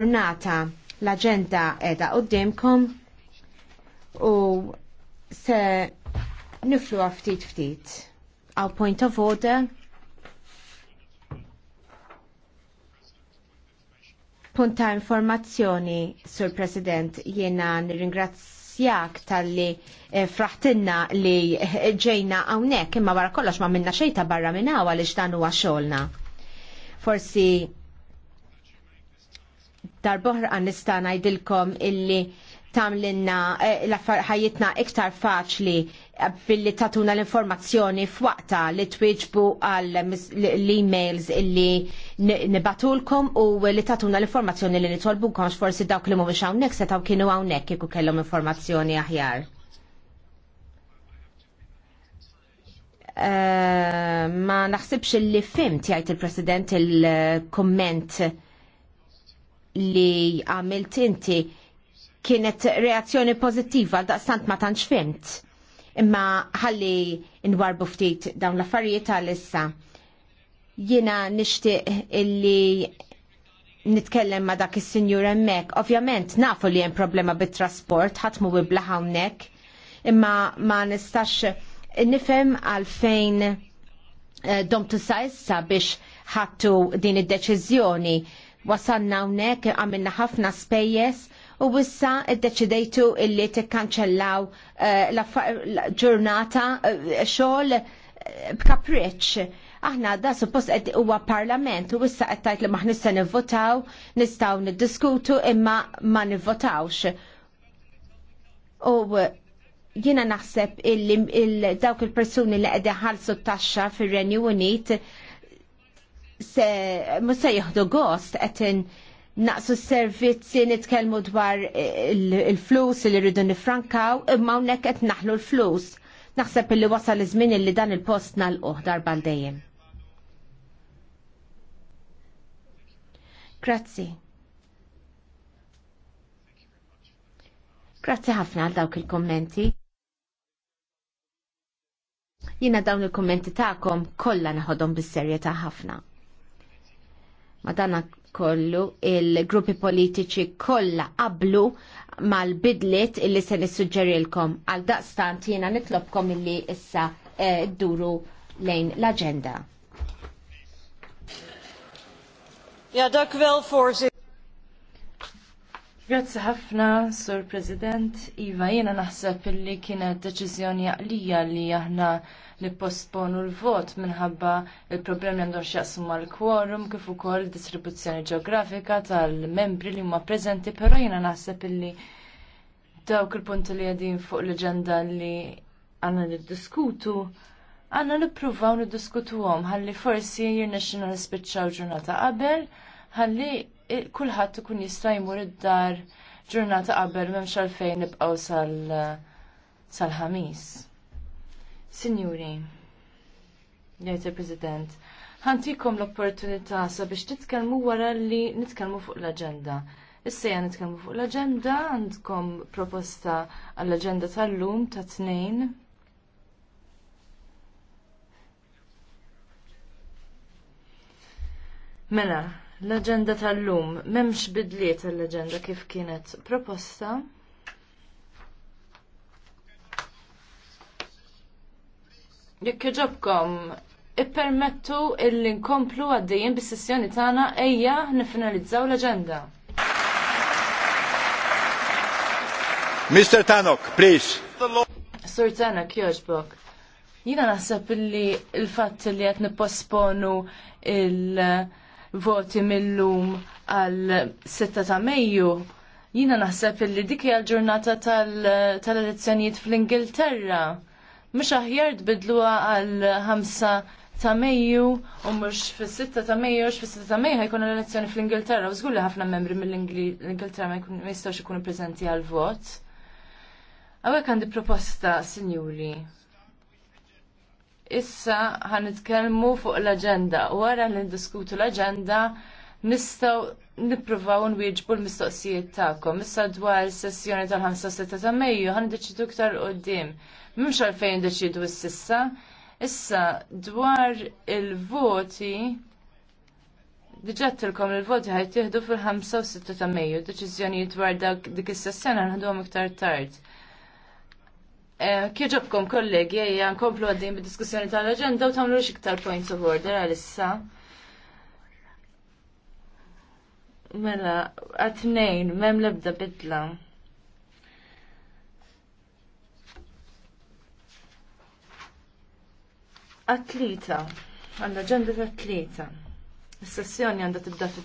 ġurnata l-agenda edha qoddimkom u se niflu ftit ftit. Għaw point of order. Punt ta' informazzjoni, Sur President, jiena nirringrazzjak tal-li eh, fraħtinna li eh, ġejna għawnek, imma wara kollox ma minna xejta barra minna għalix dan huwa xolna. Forsi Darboħra għan nista' ngħidilkom illi tamlinna eh, ħajjitna iktar faċli eh, billi tatuna l-informazzjoni f'waqta li twieġbu għal l-emails illi nibatulkom u li tatuna l-informazzjoni li nitolbukom forsi dawk li mhumiex hawnhekk setgħu kienu hawnhekk kieku kellhom informazzjoni aħjar. Eh, ma naħsibx li fimt jgħid il-President il-komment il president il komment il komment li għamilt inti kienet reazzjoni pozittiva daqstant ma tantx fimt. Imma ħalli nwarbu ftit dawn l-affarijiet għal-issa. Jiena nixtieq illi nitkellem ma dak is senjur hemmhekk. Ovvjament nafu li hemm problema bit-trasport, ħadd mu bibla hawnhekk, imma ma nistax nifhem għalfejn eh, dom tusa issa biex ħattu din id-deċiżjoni Wasanna hawnhekk għamilna ħafna spejjeż u wissa id-deċidejtu illi tikkanċellaw eh, l-ġurnata eh, xogħol eh, b'kapriċ. aħna da suppost għed huwa parlament u issa qed tajt li maħ nista' nivvotaw, nistgħu niddiskutu imma ma nivvotawx. U jiena naħseb il dawk il-persuni li qegħdin ħalsu t-taxxa fir-Renju Unit se mhux jihdu jieħdu gost qed naqsu s-servizzi nitkellmu dwar il-flus li rridu nifrankaw imma hawnhekk qed naħlu l-flus. Naħseb illi wasal iż-żmien illi dan il-post nagħlquh darba dejjem. Grazzi. Grazzi ħafna għal dawk il-kommenti. Jina dawn il-kommenti ta'kom kollha naħodhom bis-serjetà ħafna. Madana kollu il-gruppi politiċi kollha qablu mal-bidliet illi se nissuġġerilkom għal daqstant jiena nitlobkom illi issa eh, duru lejn l-agenda. Ja, dak vel forzi. Grazzi ħafna, Sur President. Iva, jena naħseb illi kienet deċiżjoni għalija li aħna postponu l-vot minħabba il-problemi għandhom xjaqsmu mal kworum kif ukoll distribuzzjoni ġeografika tal-membri li huma preżenti, però jena naħseb illi dawk il-punti li għedin fuq l-ġenda li għanna niddiskutu għanna nippruvaw niddiskutu għom ħalli forsi jirna nispiċċaw ġurnata qabel ħalli kulħadd ikun jista' jmur id-dar ġurnata qabel m'hemmx għalfejn nibqgħu sal-ħamis. Sinjuri, jgħid il-President, ħantikom l-opportunità sabiex titkellmu wara li nitkellmu fuq l-aġenda. Issejja nitkellmu fuq l-aġenda, għandkom proposta għall-aġenda tal-lum ta' tnejn. Mela, L-agenda tal-lum, memx bidliet l-agenda kif kienet proposta. Jekk ġobkom, ippermettu illi nkomplu għaddejjin bis-sessjoni tagħna ejja nifinalizzaw l-agenda. Mr. Tanok, please. Sur Tanok, joġbok. Jina naħseb li l fatt li qed nipposponu il-, voti mill-lum għal 6 ta' Mejju, jina naħseb illi dik hija l-ġurnata tal-elezzjonijiet fl-Ingilterra. Mhux aħjar tbidluha għal 5 ta' Mejju u mhux fis-6 ta' Mejju għax fis-6 ta' Mejju ħajkun l-elezzjoni fl-Ingilterra u żgur li ħafna membri mill-Ingilterra ma jistgħux ikunu preżenti għal vot. Għawek għandi proposta, sinjuri issa ħanitkellmu fuq l-aġenda. Wara li ndiskutu l-aġenda nistgħu nippruvaw nwieġbu l-mistoqsijiet tagħkom. Issa dwar is-sessjoni tal-5 ta' Mejju ħandeċidu iktar qudiem. Mhux għalfejn deċidu s-sissa. Issa dwar il-voti Diġa tilkom il-voti ħajtieħdu fil-5 6 ta' Mejju, deċiżjonijiet dwar dik is-sessjoni ħanħduhom iktar tard. Eh, kieġobkom kollegi, ja nkomplu għaddim bid-diskussjoni tal-agenda u tamlu xiktar points of order għalissa. Mela, għatnejn, mem lebda bidla. Atleta, għall ġendet ta' atleta. Is-sessjoni għandha tibda fit